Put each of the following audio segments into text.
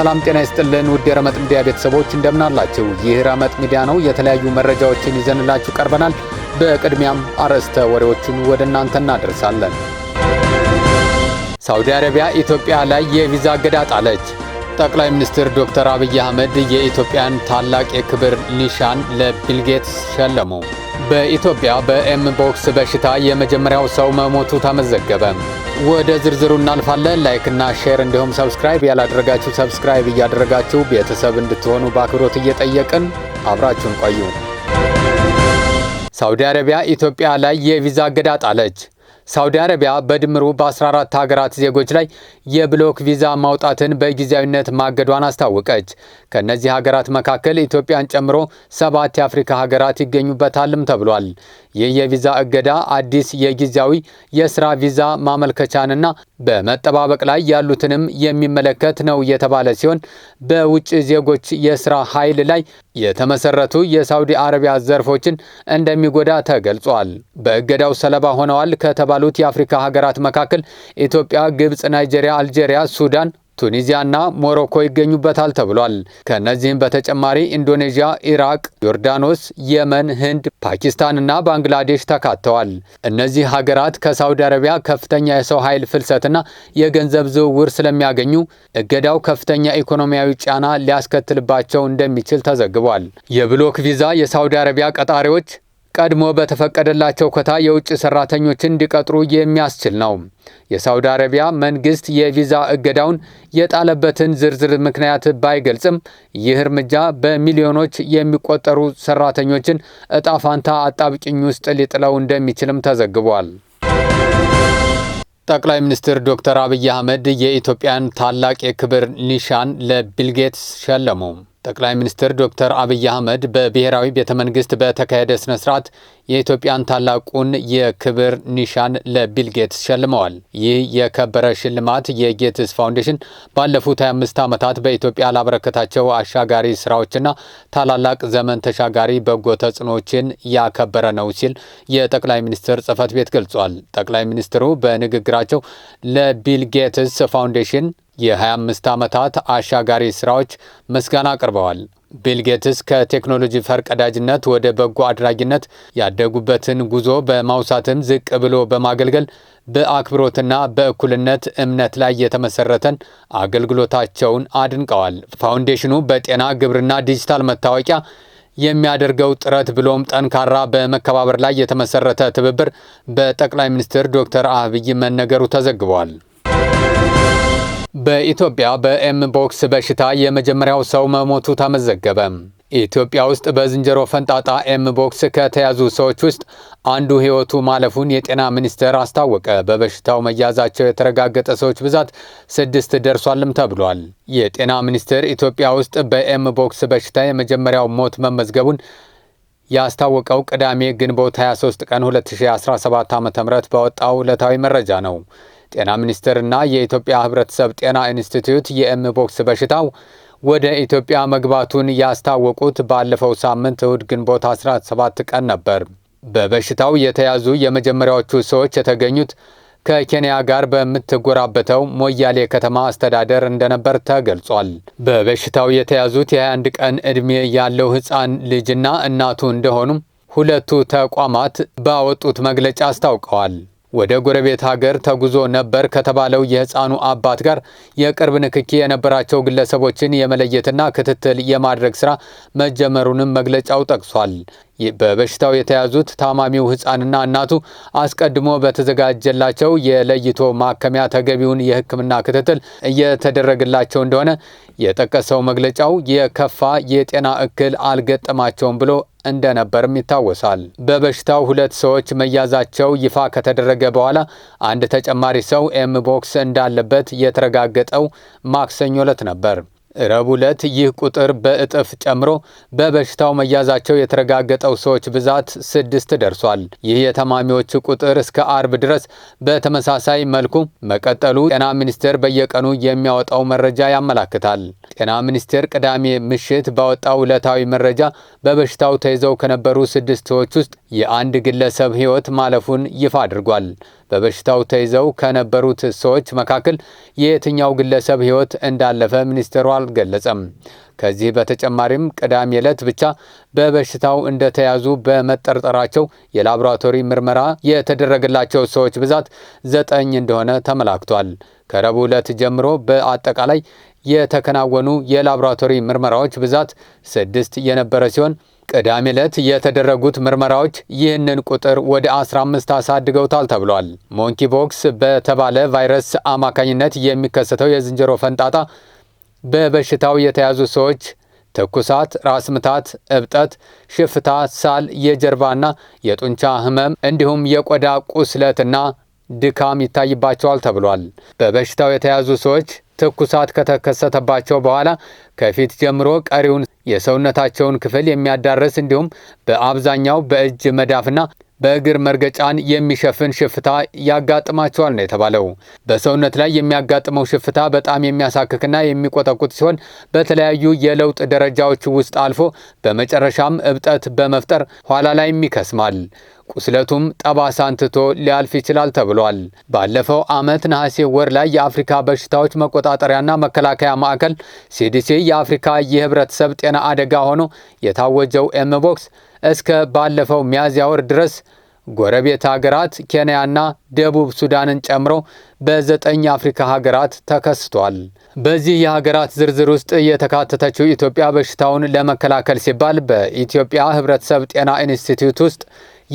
ሰላም ጤና ይስጥልን ውድ የረመጥ ሚዲያ ቤተሰቦች እንደምን አላችሁ? ይህ ረመጥ ሚዲያ ነው። የተለያዩ መረጃዎችን ይዘንላችሁ ቀርበናል። በቅድሚያም አርዕስተ ወሬዎቹን ወደ እናንተ እናደርሳለን። ሳውዲ አረቢያ ኢትዮጵያ ላይ የቪዛ እገዳ ጣለች። ጠቅላይ ሚኒስትር ዶክተር አብይ አህመድ የኢትዮጵያን ታላቅ የክብር ኒሻን ለቢልጌትስ ሸለሙ። በኢትዮጵያ በኤም ቦክስ በሽታ የመጀመሪያው ሰው መሞቱ ተመዘገበ። ወደ ዝርዝሩ እናልፋለን። ላይክና ሼር እንዲሁም ሰብስክራይብ ያላደረጋችሁ ሰብስክራይብ እያደረጋችሁ ቤተሰብ እንድትሆኑ በአክብሮት እየጠየቅን አብራችሁን ቆዩ። ሳውዲ አረቢያ ኢትዮጵያ ላይ የቪዛ እገዳ ጣለች። ሳውዲ አረቢያ በድምሩ በ14 ሀገራት ዜጎች ላይ የብሎክ ቪዛ ማውጣትን በጊዜያዊነት ማገዷን አስታወቀች። ከእነዚህ ሀገራት መካከል ኢትዮጵያን ጨምሮ ሰባት የአፍሪካ ሀገራት ይገኙበታልም ተብሏል። ይህ የቪዛ እገዳ አዲስ የጊዜያዊ የስራ ቪዛ ማመልከቻንና በመጠባበቅ ላይ ያሉትንም የሚመለከት ነው የተባለ ሲሆን በውጭ ዜጎች የስራ ኃይል ላይ የተመሰረቱ የሳውዲ አረቢያ ዘርፎችን እንደሚጎዳ ተገልጿል። በእገዳው ሰለባ ሆነዋል ከተባሉት የአፍሪካ ሀገራት መካከል ኢትዮጵያ፣ ግብፅ፣ ናይጄሪያ፣ አልጄሪያ፣ ሱዳን ቱኒዚያና ሞሮኮ ይገኙበታል ተብሏል። ከእነዚህም በተጨማሪ ኢንዶኔዥያ፣ ኢራቅ፣ ዮርዳኖስ፣ የመን፣ ህንድ፣ ፓኪስታንና ባንግላዴሽ ተካተዋል። እነዚህ ሀገራት ከሳውዲ አረቢያ ከፍተኛ የሰው ኃይል ፍልሰትና የገንዘብ ዝውውር ስለሚያገኙ እገዳው ከፍተኛ ኢኮኖሚያዊ ጫና ሊያስከትልባቸው እንደሚችል ተዘግቧል። የብሎክ ቪዛ የሳውዲ አረቢያ ቀጣሪዎች ቀድሞ በተፈቀደላቸው ኮታ የውጭ ሰራተኞችን እንዲቀጥሩ የሚያስችል ነው። የሳውዲ አረቢያ መንግስት የቪዛ እገዳውን የጣለበትን ዝርዝር ምክንያት ባይገልጽም ይህ እርምጃ በሚሊዮኖች የሚቆጠሩ ሰራተኞችን እጣ ፋንታ አጣብቂኝ ውስጥ ሊጥለው እንደሚችልም ተዘግቧል። ጠቅላይ ሚኒስትር ዶክተር አብይ አህመድ የኢትዮጵያን ታላቅ የክብር ኒሻን ለቢልጌትስ ሸለሙ። ጠቅላይ ሚኒስትር ዶክተር አብይ አህመድ በብሔራዊ ቤተ መንግስት በተካሄደ ስነ ስርዓት የኢትዮጵያን ታላቁን የክብር ኒሻን ለቢል ጌትስ ሸልመዋል። ይህ የከበረ ሽልማት የጌትስ ፋውንዴሽን ባለፉት 25 ዓመታት በኢትዮጵያ ላበረከታቸው አሻጋሪ ስራዎችና ታላላቅ ዘመን ተሻጋሪ በጎ ተጽዕኖዎችን ያከበረ ነው ሲል የጠቅላይ ሚኒስትር ጽህፈት ቤት ገልጿል። ጠቅላይ ሚኒስትሩ በንግግራቸው ለቢል ጌትስ ፋውንዴሽን የ25 ዓመታት አሻጋሪ ሥራዎች ምስጋና አቅርበዋል። ቢል ጌትስ ከቴክኖሎጂ ፈርቀዳጅነት ወደ በጎ አድራጊነት ያደጉበትን ጉዞ በማውሳትም ዝቅ ብሎ በማገልገል በአክብሮትና በእኩልነት እምነት ላይ የተመሰረተን አገልግሎታቸውን አድንቀዋል። ፋውንዴሽኑ በጤና ግብርና፣ ዲጂታል መታወቂያ የሚያደርገው ጥረት ብሎም ጠንካራ በመከባበር ላይ የተመሰረተ ትብብር በጠቅላይ ሚኒስትር ዶክተር አብይ መነገሩ ተዘግቧል። በኢትዮጵያ በኤም ቦክስ በሽታ የመጀመሪያው ሰው መሞቱ ተመዘገበ። ኢትዮጵያ ውስጥ በዝንጀሮ ፈንጣጣ ኤም ቦክስ ከተያዙ ሰዎች ውስጥ አንዱ ሕይወቱ ማለፉን የጤና ሚኒስቴር አስታወቀ። በበሽታው መያዛቸው የተረጋገጠ ሰዎች ብዛት ስድስት ደርሷልም ተብሏል። የጤና ሚኒስቴር ኢትዮጵያ ውስጥ በኤም ቦክስ በሽታ የመጀመሪያው ሞት መመዝገቡን ያስታወቀው ቅዳሜ ግንቦት 23 ቀን 2017 ዓ.ም ባወጣው ዕለታዊ መረጃ ነው። ጤና ሚኒስቴርና የኢትዮጵያ ህብረተሰብ ጤና ኢንስቲትዩት የኤምቦክስ በሽታው ወደ ኢትዮጵያ መግባቱን ያስታወቁት ባለፈው ሳምንት እሁድ ግንቦት 17 ቀን ነበር። በበሽታው የተያዙ የመጀመሪያዎቹ ሰዎች የተገኙት ከኬንያ ጋር በምትጎራበተው ሞያሌ ከተማ አስተዳደር እንደነበር ተገልጿል። በበሽታው የተያዙት የ21 ቀን ዕድሜ ያለው ሕፃን ልጅና እናቱ እንደሆኑም ሁለቱ ተቋማት ባወጡት መግለጫ አስታውቀዋል። ወደ ጎረቤት ሀገር ተጉዞ ነበር ከተባለው የህፃኑ አባት ጋር የቅርብ ንክኪ የነበራቸው ግለሰቦችን የመለየትና ክትትል የማድረግ ስራ መጀመሩንም መግለጫው ጠቅሷል። በበሽታው የተያዙት ታማሚው ህፃንና እናቱ አስቀድሞ በተዘጋጀላቸው የለይቶ ማከሚያ ተገቢውን የሕክምና ክትትል እየተደረገላቸው እንደሆነ የጠቀሰው መግለጫው የከፋ የጤና እክል አልገጠማቸውም ብሎ እንደነበርም ይታወሳል። በበሽታው ሁለት ሰዎች መያዛቸው ይፋ ከተደረገ በኋላ አንድ ተጨማሪ ሰው ኤምቦክስ እንዳለበት የተረጋገጠው ማክሰኞ ዕለት ነበር። ረቡዕ ዕለት ይህ ቁጥር በእጥፍ ጨምሮ በበሽታው መያዛቸው የተረጋገጠው ሰዎች ብዛት ስድስት ደርሷል። ይህ የታማሚዎች ቁጥር እስከ አርብ ድረስ በተመሳሳይ መልኩ መቀጠሉ ጤና ሚኒስቴር በየቀኑ የሚያወጣው መረጃ ያመላክታል። ጤና ሚኒስቴር ቅዳሜ ምሽት ባወጣው ዕለታዊ መረጃ በበሽታው ተይዘው ከነበሩ ስድስት ሰዎች ውስጥ የአንድ ግለሰብ ሕይወት ማለፉን ይፋ አድርጓል። በበሽታው ተይዘው ከነበሩት ሰዎች መካከል የየትኛው ግለሰብ ሕይወት እንዳለፈ ሚኒስቴሩ አልገለጸም። ከዚህ በተጨማሪም ቅዳሜ ዕለት ብቻ በበሽታው እንደተያዙ በመጠርጠራቸው የላቦራቶሪ ምርመራ የተደረገላቸው ሰዎች ብዛት ዘጠኝ እንደሆነ ተመላክቷል። ከረቡዕ ዕለት ጀምሮ በአጠቃላይ የተከናወኑ የላቦራቶሪ ምርመራዎች ብዛት ስድስት የነበረ ሲሆን ቅዳሜ ዕለት የተደረጉት ምርመራዎች ይህንን ቁጥር ወደ 15 አሳድገውታል ተብሏል። ሞንኪ ቦክስ በተባለ ቫይረስ አማካኝነት የሚከሰተው የዝንጀሮ ፈንጣጣ በበሽታው የተያዙ ሰዎች ትኩሳት፣ ራስ ምታት፣ እብጠት፣ ሽፍታ፣ ሳል፣ የጀርባና የጡንቻ ህመም እንዲሁም የቆዳ ቁስለትና ድካም ይታይባቸዋል ተብሏል። በበሽታው የተያዙ ሰዎች ትኩሳት ከተከሰተባቸው በኋላ ከፊት ጀምሮ ቀሪውን የሰውነታቸውን ክፍል የሚያዳርስ እንዲሁም በአብዛኛው በእጅ መዳፍና በእግር መርገጫን የሚሸፍን ሽፍታ ያጋጥማቸዋል ነው የተባለው። በሰውነት ላይ የሚያጋጥመው ሽፍታ በጣም የሚያሳክክና የሚቆጠቁት ሲሆን በተለያዩ የለውጥ ደረጃዎች ውስጥ አልፎ በመጨረሻም እብጠት በመፍጠር ኋላ ላይም ይከስማል። ቁስለቱም ጠባሳን ትቶ ሊያልፍ ይችላል ተብሏል። ባለፈው ዓመት ነሐሴ ወር ላይ የአፍሪካ በሽታዎች መቆጣጠሪያና መከላከያ ማዕከል ሲዲሲ የአፍሪካ የህብረተሰብ ጤና አደጋ ሆኖ የታወጀው ኤምቦክስ እስከ ባለፈው ሚያዝያ ወር ድረስ ጎረቤት ሀገራት ኬንያና ደቡብ ሱዳንን ጨምሮ በዘጠኝ የአፍሪካ ሀገራት ተከስቷል። በዚህ የሀገራት ዝርዝር ውስጥ የተካተተችው ኢትዮጵያ በሽታውን ለመከላከል ሲባል በኢትዮጵያ ህብረተሰብ ጤና ኢንስቲትዩት ውስጥ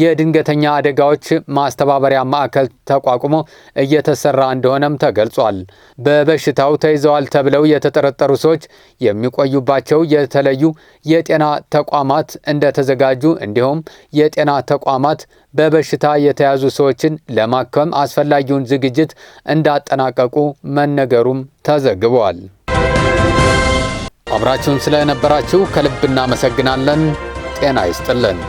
የድንገተኛ አደጋዎች ማስተባበሪያ ማዕከል ተቋቁሞ እየተሰራ እንደሆነም ተገልጿል። በበሽታው ተይዘዋል ተብለው የተጠረጠሩ ሰዎች የሚቆዩባቸው የተለዩ የጤና ተቋማት እንደተዘጋጁ እንዲሁም የጤና ተቋማት በበሽታ የተያዙ ሰዎችን ለማከም አስፈላጊውን ዝግጅት እንዳጠናቀቁ መነገሩም ተዘግበዋል። አብራችሁን ስለነበራችሁ ከልብ እናመሰግናለን። ጤና ይስጥልን።